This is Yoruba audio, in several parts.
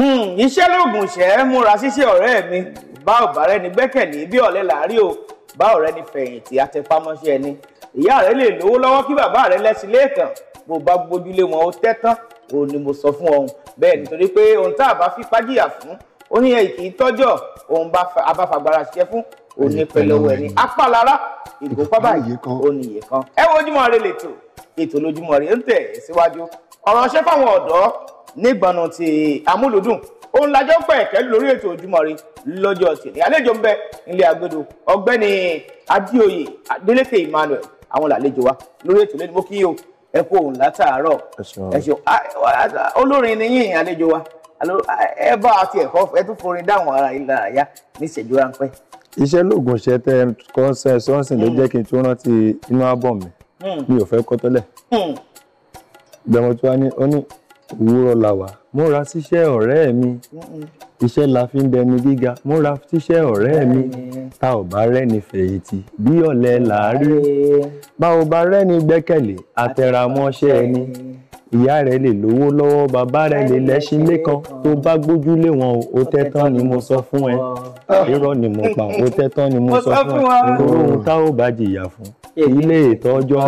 Hmm, iṣẹ́ lóògùn ìṣẹ́ múra ṣíṣe ọ̀rẹ́ mi bá ọ̀bàrẹ́ ni gbẹ́kẹ̀lé bí ọ̀lẹ làárí o bá ọ̀rẹ́ ni fẹ̀yìntì àtẹpámọ́ṣẹ́ ni ìyá rẹ lè lówó lọ́wọ́ kí bàbá rẹ lẹ́sìn lẹ́ẹ̀kan bó bá gbójúlé wọn ó tẹ́tán òun ni mo sọ fún ọ̀hún bẹ́ẹ̀ nítorí pé ohun tá a bá fi pàjìyà fún ó ní ẹ̀yìn kì í tọ́jọ́ òun abáfagbára ṣiṣẹ́ fún òun ní pẹ̀lú ẹ̀ ní apálára ìgòpá báyìí o ní iye kan ẹ wo Ojúmọ́ Ire lẹ́tọ̀ ètò lójúmọ́ rẹ ń tẹ̀ síwájú ọ̀rọ̀ ṣẹ́ fáwọn ọ̀dọ́ nígbàna ti amúlùdùn òun lajọ pẹ̀kẹ́ lórí ètò Ojúmọ́ Ire lọ́jọ́ tìní àlejò ń bẹ nílé agbédo ọ̀gbẹ́ni adéoyè adélékè emmanuel àwọn làlejò wa lórí ètò lẹ́nu mo kí o ẹ kú òun látàárọ̀ ẹ ṣeun olórin ni yín àlejò wa ẹ bá a ti ẹ̀kọ́ ẹ tún forin dáhùn ara ilẹ̀ àyà ní ìṣẹ́jú ráńpẹ́. iṣẹ́ lóògùn ṣe tẹ kọ́nsẹ̀ sọ́ọ̀sìn ló hmm. jẹ́ kí n tún rántí inú ábọ̀ mi hmm. mi ò fẹ́ kọ́ tọ́lẹ̀. Hmm. gbẹ̀mọ̀ ó ní òwúrọ̀ la wà múra síṣẹ́ ọ̀rẹ́ mi iṣẹ́ la fi ń bẹni gíga múra síṣẹ́ ọ̀rẹ́ mi ta ò bá rẹ́ni fẹ̀yìntì bí ọ̀lẹ làárí bá ò bá rẹ́ni gbẹ́kẹ̀lé àtẹramọ́ṣẹ́ ẹni ìyá rẹ lè lówó lọ́wọ́ bàbá rẹ lè lẹ́ṣin lẹ́kan tó bá gbójú lé wọn o ó tẹ́tán ni mo sọ fún ẹ irọ́ ni mo pa ó tẹ́tán ni mo sọ fún ẹ ìgboro ohun tá ò bá jìyà fún ilé ìtọ́jọ́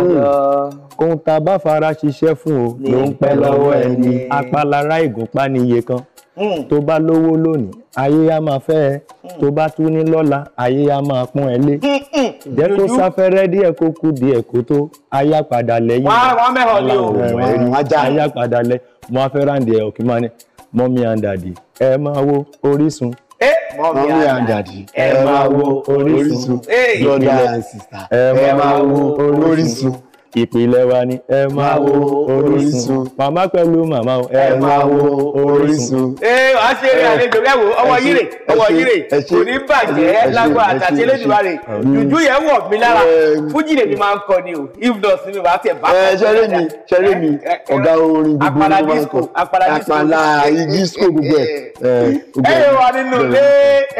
ohun tá a bá fara ṣiṣẹ́ fún o ló ń pẹ́ lọ́wọ́ ẹni apalára ìgúnpá níye kan. Hmm. tó bá lówó lónìí ayé á máa fẹ́ ẹ hmm. tó bá tún ní lọ́la ayé á máa pọ́n ẹ lé hmm, jẹ́ kó sáfẹ́rẹ́ díẹ̀ kó kú díẹ̀ kó tó ayá padà lẹ́yìn ayá padà lẹ́ mo á fẹ́ ráǹdì ẹ̀ òkè máa ní mọ́mí and dàdí ẹ máa wo Orísun mọ́mí and dàdí ẹ máa wo Orísun brother and sister ẹ máa wo Orísun ìpìlẹ̀ wa ni ẹ máa wo orísun màmá pẹ̀lú màmá o ẹ máa wo orísun. ee wàá ṣe eré àlejò ẹwò ọwọ́ yìrè ọwọ́ yìrè kò ní bàjẹ́ lágbà àtàtì elédùnmarè jùjú yẹn wọ̀ mí lára fújì lèmi máa ń kọ ni o if not mi wàá tẹ̀ bá. ẹ ṣẹlẹ mi ṣẹlẹ mi ọ̀gá orin gbogbo ló máa ń kọ àpàlà disco gbogbo ẹ. ẹ yóò wá nínú ilé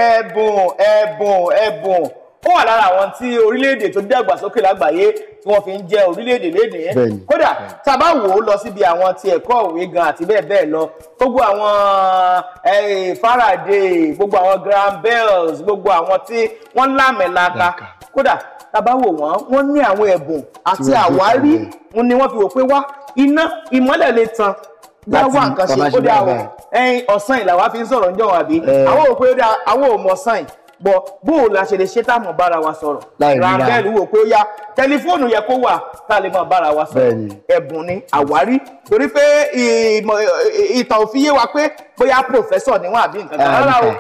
ẹ̀bùn ẹ̀bùn ẹ̀bùn ó wà lára àwọn tí orílẹ̀-èdè tó dàgbàsókè lágbàáyé tí wọ́n fi ń jẹ́ orílẹ̀-èdè lénìí kódà tàbá wò ó lọ síbi àwọn ti ẹ̀kọ́ òwe gan àti bẹ́ẹ̀ bẹ́ẹ̀ lọ gbogbo àwọn Faraday gbogbo àwọn Graham Bells gbogbo àwọn tí wọ́n lámẹ̀laka kódà tàbá wò wọ́n wọ́n ní àwọn ẹ̀bùn àti àwárí ni wọ́n fi wò pé wá iná ìmọ́lẹ̀ lè tan dáwà nǹkan ṣe ó dá àwọn ẹyin ọ̀sán ìlàwà fi ń sọ̀rọ̀ ń jọ̀wọ́ àbí àwọn òpin ó dá àwọn bọ̀ bóun la ṣe lè ṣe tá a mọ̀ bára wa sọ̀rọ̀ ràbẹ́ẹ̀lì wò pé ó yá tẹlifóònù yẹ kó wà tá a lè mọ̀ bára wa sọ̀rọ̀ ẹ̀bùn ni àwárí torí pé ìtàn ò fi yé wa pé bóyá pòfẹ́sọ̀ níwọ̀n àbí nǹkan kan rárá o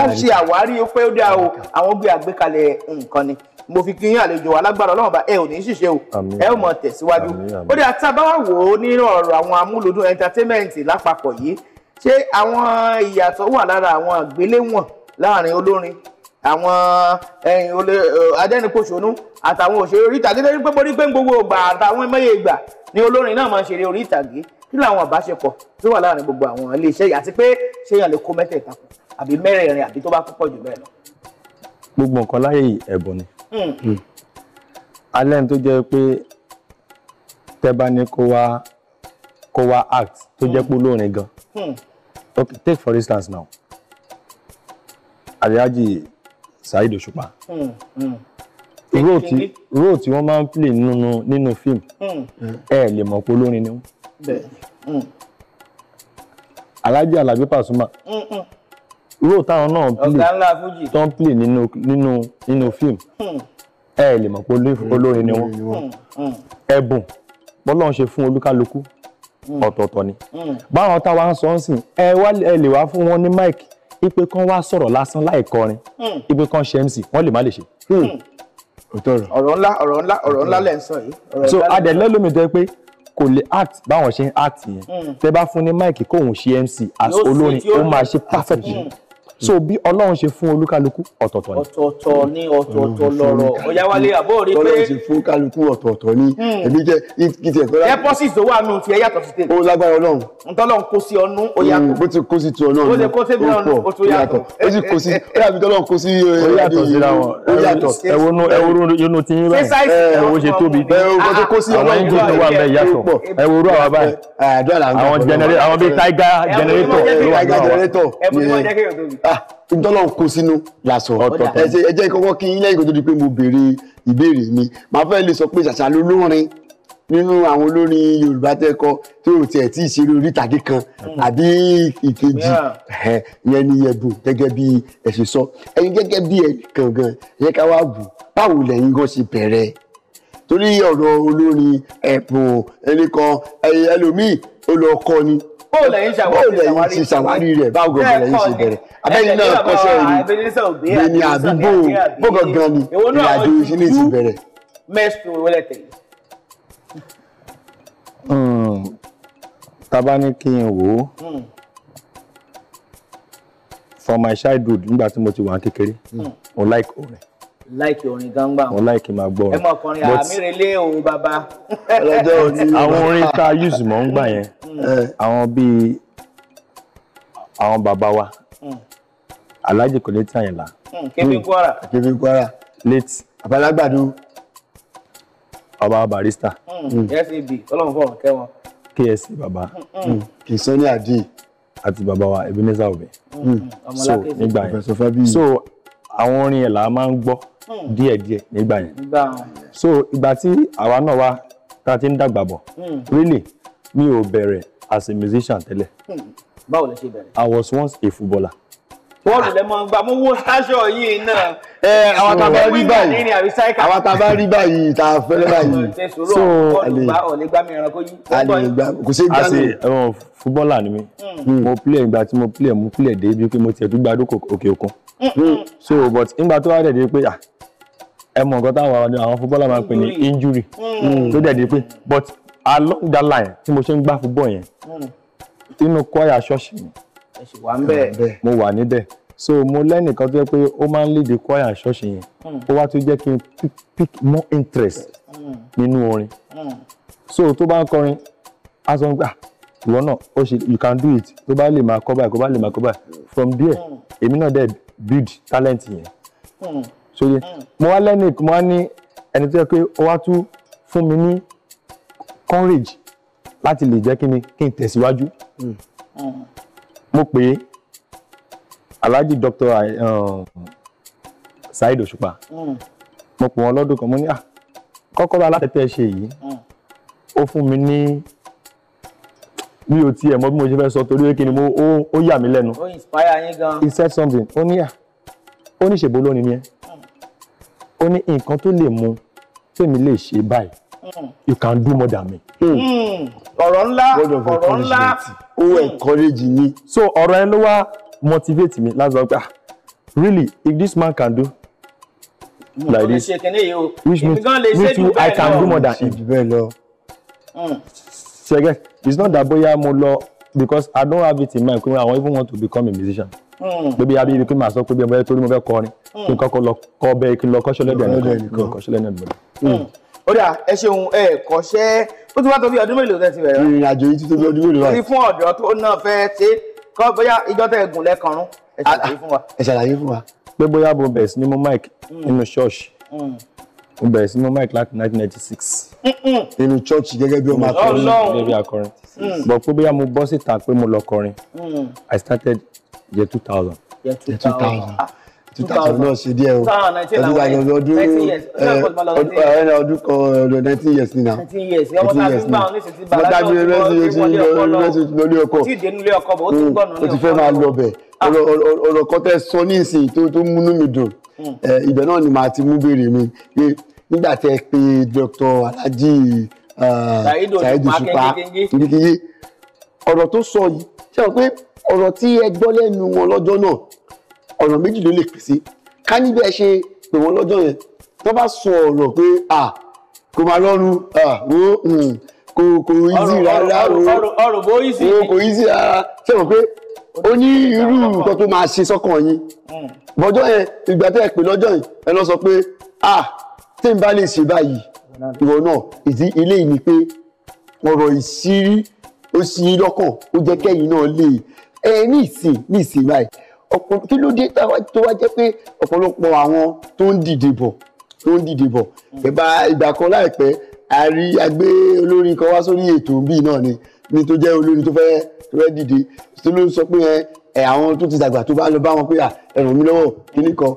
wọ́n ṣe àwárí pé ó dáa o àwọn gbé àgbékalẹ̀ nǹkan ni mo fi kíyàn àlejò alágbára ọlọ́run bá ẹ ò ní í ṣiṣẹ́ o ẹ ò mọ̀ tẹ̀síwájú ó dáa tá a wò ó nínú ọ̀rọ̀ àwọn amúlòdùn entertainment lápapọ̀ yìí ṣé àwọn ìyàtọ̀ wà lára àwọn àgbéléwọ̀n láàrin olórin àwọn ẹ̀yìn olè adẹ́nipòṣónú àtàwọn òṣèré orí ìtàgé tó ní pé borí pé gbogbo ògbà àtàwọn ẹmẹ́yẹ ìgbà ni olórin náà máa ń ṣeré orí ìtàgé kí làwọn àbáṣepọ̀ tó wà láàrin gbogbo àwọn iléeṣẹ́ yìí àti pé ṣé èèyàn lè kó mẹ́tẹ̀ẹ̀ta kù àbí mẹ́rẹ̀ẹ̀rin àbí tó bá púpọ̀ jù bẹ́ẹ̀ lọ. gbogbo nǹkan láyé ẹ̀bùn ni hmm. Hmm. alẹ́ tó jẹ́ pé tẹ́ bá ní kó wá kó wá act tó jẹ́ pé hmm. olórin gan okay take for instance now Alhaji Saheed Òṣùpá hmm, hmm. róò tí wọ́n máa ń play nínú nínú fíìmù hmm. ẹ lè mọ̀ pé olórin ni wọ́n Alhaji Alabi Pasuma róò táwọn náà play tó ń play nínú nínú nínú fíìmù ẹ lè mọ̀ pé olórin ni wọ́n ẹ̀bùn bọ́lọ́run ṣe fún olúkálukú ọ̀tọ̀ọ̀tọ̀ ni báwọn táwa ń sọ ń sìn ẹ wá ẹ lè wá fún wọn ní máìkì ipe kan wá sọ̀rọ̀ lásán láì kọrin hmm. ipe kan ṣe mc wọ́n lè má lè ṣe. Hmm. Hmm. ọ̀rọ̀ ńlá ọ̀rọ̀ ńlá ọ̀rọ̀ ńlá lẹ́ ń sọ yìí. so adẹ̀lẹ́ lómi tẹ́ pé kò lè act báwọn ṣe ń act yẹn tẹ́ bá fún ní máìkì kóun ṣe mc as olórin ó máa ṣe perfect so bí ọlọ́run ṣe fún olúkálukú ọ̀tọ̀ọ̀tọ̀ ni. ọ̀tọ̀ọ̀tọ̀ ni ọ̀tọ̀ọ̀tọ̀ lọ́rọ̀ ọ̀yáwálé àbọ̀ rí pé ọlọ́run ṣe fún kálukú ọ̀tọ̀ọ̀tọ̀ ni hmm. èmi jẹ́ ìtì ẹ̀kọ́ láti. deposit owó àánú ti ẹ yàtọ̀ sí tèmi. ó lágbára ọlọ́run. ntọ́lọ́run kó sí ọnú ó yàtọ̀. Hmm, bó ti kó sí ti ọ̀nà ọ̀nà ó pọ̀ yàtọ̀ ó sì kó sí ó yàtọ̀ tọ́lọ́run kó sí eh, yàtọ̀ eh, síra wọn ó yàtọ̀ ẹ̀wọ̀nù ẹ̀wọ̀nù yónú ti yín báyìí ẹ̀wọ̀ ṣe tóbi ẹ̀wọ̀ tó kó sí ọlọ́run tó wà bẹ́ẹ̀ yàtọ̀ ẹ̀wọ̀rú àwa báyìí eh, àwọn bíi tiger generator ló wà ìdọ́lọ̀ ah, ń kó sínú ọ̀tọ̀ ẹ jẹ́ kọ́kọ́ kí ilé ìgò tó di pé mo béèrè ìbéèrè mi màá fẹ́ lè sọ pé ṣàṣà lolórin nínú àwọn olórin Yorùbá tẹ́kọ tí ò tiẹ̀ tí ì ṣeré orí ìtàgé kan hmm. àbí ìkejì yẹn ni ẹ̀bùn gẹ́gẹ́ bí ẹ ṣe sọ ẹ̀yin gẹ́gẹ́ bí ẹ̀ gangan yẹ ká wá bù báwo lẹ́yìn gan ṣe bẹ̀rẹ̀ torí ọ̀rọ̀ olórin ẹ̀bùn ẹnìkan ẹlòmíì ó lọ kọ́ ni bóòlù ẹ̀yin ṣàwárí rẹ̀ báwo gbọ̀ngàn ẹ̀yin ṣe bẹ̀rẹ̀ abẹ́yìn náà kọ́ṣẹ́ rí mi ni àbí bó gangan ni ìrìnàjò ìṣílè ti bẹ̀rẹ̀. mẹ́sùn wọlé tẹ̀lé. Hmm. tábà ní kí n wò ó hmm. for my childhood nígbà tí mo ti wà kékeré hmm. mo like orin láìkì orin gangba wọn láìkì máa gbọ́ ẹ mọ ọkùnrin àmírelé òun bàbá. ọlọjọ òní àwọn orin tá a use mọ̀ ń gbà yẹn eh. àwọn bíi àwọn bàbá wa hmm. Alhaji Kollety Àyìnlá. kébí Kwara. kébí Kwara. late. àbálágbàdún. ọba barista. ksab Ọlọ́run fọwọn kẹwọn. Baba. bàbá. Hmm, hmm. kìsọ́ni àdì. àti Baba wa Ebenezer Obey. so nígbà yẹn so àwọn orin ẹ̀ là á máa ń gbọ́ hmm. díẹ̀díẹ̀ nígbà yẹn so ìgbà tí àwa náà wá tá a ti ń dàgbà bọ̀ hmm. really mi ò bẹ̀rẹ̀ as a musician tẹ́lẹ̀. Hmm. báwo lẹ ṣe bẹ̀rẹ̀. I was once a footballer bọ́ọ̀lù lẹ máa ń gbà mo wo sáṣọ yìí náà. ẹ àwọn tá a bá rí báyìí àwọn tá a bá rí báyìí tá a fẹ́rẹ́ báyìí. so ale ale gba kò sí gbà mí. ẹwọn fúbọ́là ni mi mo play ìgbà tí mo play mo play dé ibi pé mo tiẹ̀ tún gbádùn òkè òkun. Hmm. so but ìgbà tó wá dẹ̀ pé ẹ mọ̀ nǹkan táwọn àwọn fúbọ́là máa ń pè ní injury hmm. tó dẹ̀ pé but along that line tí mo ṣe ń gbá fúbọ̀ yẹn hmm. inú kọ́yà ṣọ́ọ̀ṣì mi mo wà níbẹ̀ so mo lẹ́nìkan tó yẹ pé ó máa ń lead choir ṣọ́ọ̀ṣì yẹn hmm. ó wá tún jẹ́ kí n pick more interest hmm. nínú orin hmm. so tó bá ń kọrin a sọ pé ah ìwọ náà ó ṣe you can do it tó bá lè máa kọ báyìí kó bá lè máa kọ báyìí from there èmi náà dẹ̀ build talent yẹn ṣòye mo wá lẹ́nu mo wá ní ẹni tó yẹ pé ó wá tún fún mi ní courage láti lè jẹ́ kí ni kí n tẹ̀síwájú mo pè é alhaji dr uh, saheed òṣùpá hmm. mo pọ̀ wọn lọ́dún kan mo ní à ah, kọ́kọ́rọ́ alátẹ̀tẹ̀ ṣe yìí hmm. ó fún mi ní mi ò tiẹ̀ mọ bí mo ṣe fẹ́ sọ torí pé kí mo ó yà mí lẹ́nu. inspire yín he said something ó ní à ah, ó ní ṣèbó lónìí ni ẹ hmm. ó ní nǹkan tó lè mu tèmi lè ṣe báyìí you can do more than me. ọ̀rọ̀ ńlá ọ̀rọ̀ ńlá ó encourage ni. so ọ̀rọ̀ ẹ ló wá motivate me. láti sọ ah, really if this man can do like this which means me too i can do more than him. Hmm. see again it's not that bóyá mo lọ because i don't have it in mind i wan even want to become a musician. bébí abí ibi pé màá sọ pé bí ọmọdé torí mo fẹ́ kọrin hmm. kí n kọ́kọ́ lọ kọ́ bẹ́ẹ̀ kí n lọ kọ́ṣẹ́ lẹ́dẹ̀ẹ́ nìkan kí n kọ́ṣẹ́ lẹ́dẹ̀ẹ́ nìkan. Hmm. ó dà ẹ ṣeun ẹ kọ́ṣẹ́ ó ti wá tó bí ọdún mélòó tẹ́ ti bẹ̀rẹ̀. ìrìn àjò yìí ti tó bí ọdún mélòó báyìí. ó ti fún ọ̀dọ́ tó náà fẹ́ ṣe é kọ́ bóyá ìjọ tẹ̀ gùn lẹ́kànrún ẹ ṣàlàyé fún wa. ẹ ṣàlàyé fún wa pé bóyá mo bẹ̀rẹ̀ sí ní mo mic mm. nínú ṣọ́ọ̀ṣì mm. mo bẹ̀rẹ̀ sí ní mo mic láti 1996 nínú ṣọ́ọ̀ṣì gẹ́gẹ́ bí ọmọ akọrin mm. gẹ́gẹ́ bí akọrin bọ̀ pé bóyá mo bọ́ síta pé mo lọ kọrin I started year 2000. year 2000 two thousand náà ṣe díẹ̀ o ọdún ọdún ọdún ọdún kan ọdún nineteen years ni na nineteen years ni ọmọ tàbí mẹsì mẹsì mẹsì lórí ọkọ o ti mm, fẹ́ máa lọ bẹ̀ ah. ọ̀rọ̀ kan tẹ́ sọ ní ìsìn tó múnú mi dùn mm. ibẹ̀ náà ni màá ti mú béèrè mi pé nígbà tẹ́ pé Dr. Alhaji Saheed Osupa kìkìkì ọ̀rọ̀ tó sọ yìí ṣe wọ́n pé ọ̀rọ̀ tí ẹ gbọ́ lẹ́nu wọn lọ́jọ́ náà ọ̀nà méjì ló lè pè sí ká níbi ẹ ṣe pè wọ́n lọ́jọ́ yẹn tó bá sọ ọ̀rọ̀ pé à kò máa lọ́nu wo kò kò easy rárá o ọ̀rọ̀ bó easy o kò easy rárá ṣé mo pé ó ní irú nǹkan tó máa ṣe sọ́kàn yín bọ́jọ́ yẹn ìgbà tẹ́ ẹ pè lọ́jọ́ yẹn ẹ lọ sọ pé à tí n bá lè ṣe báyìí ìwọ náà ìdí ilé yìí ni pé ọ̀rọ̀ ìṣírí ó ṣí lọ́kàn ó jẹ́ kẹ́yìn náà lè ẹ ní ìsìn ní ìsìn báyìí kí ló dé tó wá jẹ́ pé ọ̀pọ̀lọpọ̀ àwọn tó ń dìde bọ̀ tó ń dìde bọ̀ ìgbà ìgbà kan láìpẹ́ a rí agbé olórin kan wá sórí ètò bíi náà ni ni tó jẹ́ olórin tó fẹ́ tó fẹ́ dìde tó ló ń sọ pé ẹ àwọn tó ti dàgbà tó bá lọ bá wọn pé ẹ ràn mí lọ́wọ́ kíní kan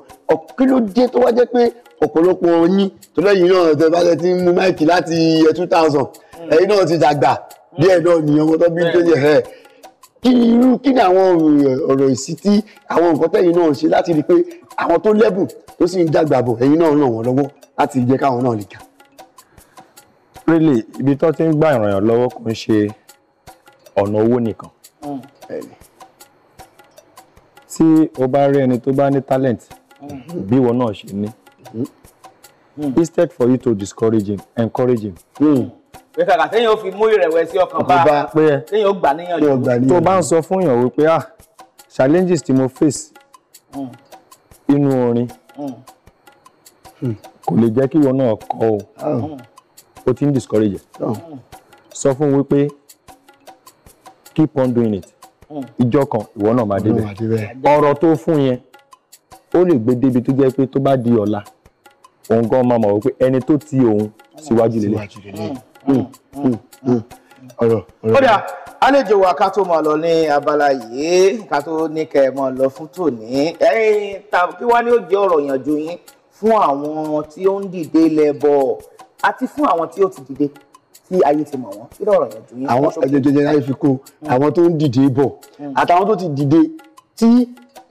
kí ló dé tó wá jẹ́ pé ọ̀pọ̀lọpọ̀ yín tó lẹ́yìn náà tẹ bá lẹ ti ń mú máìkì láti two thousand ẹ̀yin náà ti dàgbà díẹ̀ náà nìyẹn wọn tó bí tó yẹ kí irú kí ni àwọn ọ̀rọ̀ ìsí tí àwọn nǹkan tẹ̀yìn náà ṣe láti rí i pé àwọn tó lẹ́bùn tó sì ń dàgbà bọ̀ ẹ̀yin náà ràn wọ́n lọ́wọ́ láti jẹ́ káwọn náà lè ga. rélè ibi tó ti ń gbà ìrànyàn lọ́wọ́ kò ń ṣe ọ̀nà owó nìkan hmm. tí o bá rí ẹni tó bá ní talent hmm. bí ìwọ náà ṣe ní hmm. instead for you to discourage him encourage him. Mm pé kàkà téèyàn ó fi mú ìrẹ̀wẹ̀sì ọkàn bá téèyàn ó gbà níyànjú. tó bá ń sọ fún èèyàn wípé ah challenges tí mo face hmm. inú orin hmm. Hmm. kò lè jẹ́ kí ìwọ náà kọ o ó ti ń discourage sọ fún wípé keep on doing it ìjọ kan ìwọ náà máa débẹ̀ ọ̀rọ̀ tó fún yẹn ó lè gbé débi tó jẹ́ pé tó bá di ọ̀la òun gan máa mọ̀ wípé ẹni tó ti òun síwájú lélẹ̀. Mm, mm, mm. ọ̀rọ̀ ọ̀rọ̀. kódà àlejò wa ká tó máa lọ ní abala yìí ká tó ní kẹ́ ẹ máa lọ fún tòní ẹ̀yin kí wá ní ó jẹ́ ọ̀rọ̀ ìyànjú yín fún àwọn tí ó ń dìde lẹ́bọ̀ àti fún àwọn tí ó ti dìde tí ayé ti mọ̀ wọ́n kí lọ́rọ̀ ìyànjú yín. àwọn ẹ̀jẹ̀jẹ̀ náà fi kó àwọn tó ń dìde bọ̀ àtàwọn tó ti dìde tí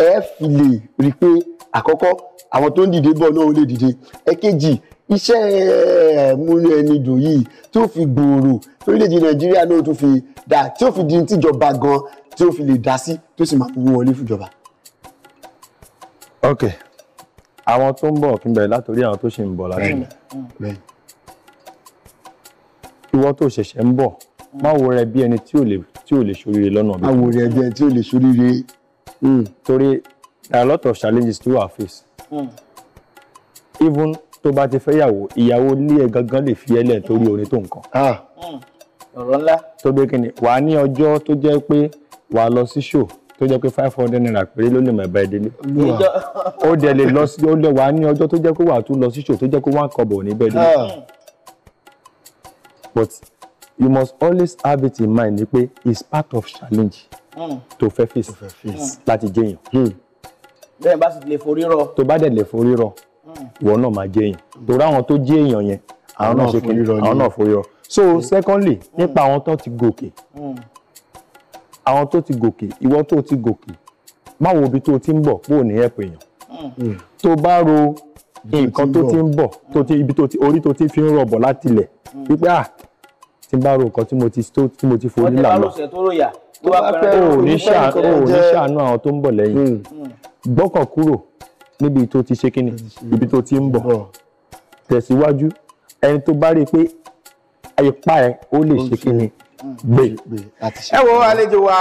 ẹ fi lè rí pé àkọ́kọ́ àwọn tó ń dìde bọ̀ náà ó lè dìde ẹ̀kejì iṣẹ́ eh, múlò ẹni dùn yìí tí ó fi gbòòrò orílẹ̀-èdè nàìjíríà náà tó fi dà tí ó fi di tíjọba gan tí ó fi lè dá sí tó sì máa fi wọlé fúnjọba. ok àwọn tó ń bọ̀ kí n bẹ̀rẹ̀ látòrí àwọn tó ṣe ń bọ̀ láti mi ìwọ tó ṣẹ̀ṣẹ̀ ń bọ̀ má wo rẹ bí ẹni tí ò lè ṣoríire lọ́nà bí. àwòrán rẹ bí ẹni tí ò lè ṣoríire. Hmm. torí there are a lot of challenges to our face. Mm. even tó bá ti fẹ́ yàwó ìyàwó ilé ẹ̀ gangan lè fi ẹlẹ̀ torí orin tó nǹkan. Hmm. ọ̀rọ̀ ńlá. tó gbé kínní wàá ní ọjọ́ tó jẹ́ pé wàá lọ sí ṣò tó jẹ́ pé five hundred naira péré ló lè mọ̀ ẹ̀bá ìdílé. ó dẹ̀ lè lọ sí ó lè wàá ní ọjọ́ tó jẹ́ pé wàá tún lọ sí ṣò tó jẹ́ pé wọ́n á kọ̀ bọ̀ níbẹ̀ dé. but you must always have it in mind ni pé it's part of challenge hmm. to fẹ́ face láti jẹyàn. Hmm. bẹ́ẹ̀ bá sì lè forí rọ. tó bá dẹ̀ lè forí rọ ìwọ náà máa jẹ èèyàn torí àwọn tó jẹ èèyàn yẹn àwọn náà ṣe kí àwọn náà forí so mm. secondly mm. nípa àwọn tó ti gòkè mm. àwọn tó ti gòkè ìwọ tó ti gòkè báwo ibi tó ti ń bọ̀ kó o ní ẹ̀pọ̀ èèyàn tó bá ro nǹkan tó ti ń bọ̀ tó ti ibi tó ti orí tó ti fi ń rọ̀bọ̀ láti ilẹ̀ wípé à ah, tí n bá ro nǹkan tí mo ti tí mo ti forí là lọ o ò ní ṣàánú àwọn tó ń bọ̀ lẹ́yìn gbọ́kàn kúrò níbi tó ti ṣe kíni ibi tó ti ń bọ̀ tẹ̀síwájú ẹni tó bá rí i pé ipá ẹ ó lè ṣe kíni gbé. ẹ wo àlejò wa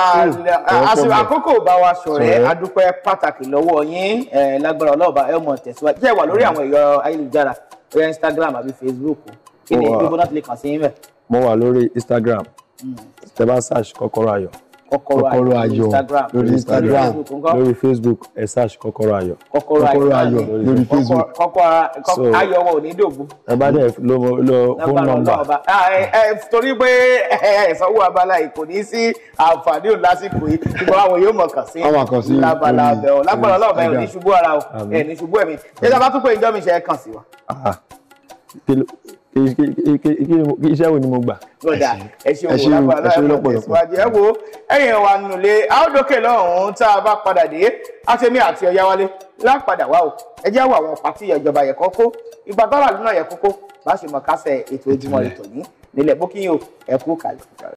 àsìkò àkókò bá wa ṣọ̀rẹ́ adúpẹ́ pàtàkì lọ́wọ́ yín lágbára ọlọ́ọ̀bá ẹ mọ̀ tẹ̀síwájú jẹ́ wà lórí àwọn ẹ̀yọ ayélujára lórí Instagram àbí Facebook kí ni bí bọ́nà ti lè kàn sí yín bẹ̀. mo wà lórí Instagram hmm. tẹ bá search Kọ́kọ́rọ́ Ayọ̀ kọ́kọ́rọ́ ayọ̀ lórí instagram lórí facebook ẹ search kọ́kọ́rọ́ ayọ̀ kọ́kọ́rọ́ ayọ̀ lórí facebook kọ́kọ́rọ́ ayọ̀ wọn ò ní dògbò. ẹ bá dẹ lo lo phone number. Ah, torí pé ẹ̀sánwó abala yìí kò ní sí àǹfààní ò lásìkò yìí ṣùgbọ́n àwọn yóò mọ̀ kàn sí lábala abẹ́ ọ lágbára ọlọ́ọ̀bẹ ò ní ṣubú ara ò ẹ̀ ní ṣubú ẹ̀mí ṣé tá a bá tún pé ìjọ́ mi ṣe é kàn sí wa. Ah, iṣẹ́ wo ni mo gbà. lọ́dà ẹ ṣeun wò lápá aláìmọ̀ tẹ̀síwájú ẹ wo ẹ̀yìn wa nùlé àádókè lọ́hùn-ún tá a bá padà dé àtẹ̀mí àti ọ̀yáwálé lápadà wá o ẹ jẹ́ wọ àwọn pàtí ìjọba yẹ kọ́kọ́ ìgbà tọ́lá lónà yẹ kọ́kọ́ bá ṣe mọ̀ kásẹ̀ ètò Ojúmọ́ Ire tòní nílẹ̀ bókíyìn o ẹ kú kàlẹ̀.